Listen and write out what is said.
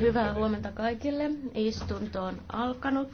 Hyvää huomenta kaikille. Istunto on alkanut.